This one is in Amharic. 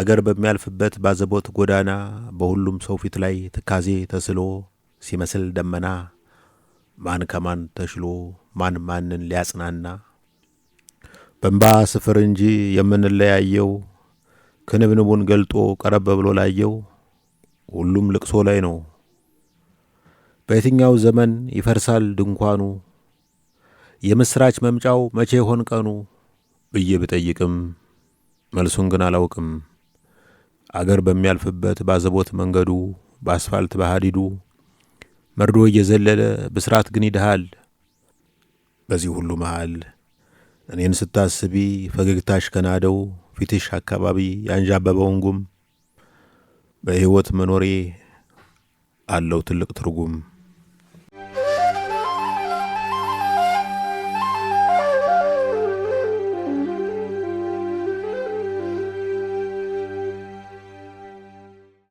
አገር በሚያልፍበት ባዘቦት ጎዳና በሁሉም ሰው ፊት ላይ ትካዜ ተስሎ ሲመስል ደመና ማን ከማን ተሽሎ ማን ማንን ሊያጽናና በንባ ስፍር እንጂ የምንለያየው ክንብንቡን ገልጦ ቀረብ ብሎ ላየው ሁሉም ልቅሶ ላይ ነው። በየትኛው ዘመን ይፈርሳል ድንኳኑ የምስራች መምጫው መቼ ሆን ቀኑ ብዬ ብጠይቅም መልሱን ግን አላውቅም። አገር በሚያልፍበት ባዘቦት መንገዱ በአስፋልት በሃዲዱ መርዶ እየዘለለ ብስራት ግን ይድሃል። በዚህ ሁሉ መሃል እኔን ስታስቢ ፈገግታሽ ከናደው ፊትሽ አካባቢ ያንዣበበውን ጉም በሕይወት መኖሬ አለው ትልቅ ትርጉም።